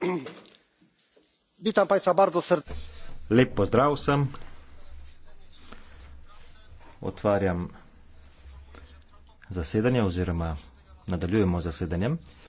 witam państwa bardzo serdecznie otwieram zasiedanie oziroma nadaljujemo z zasiedaniem.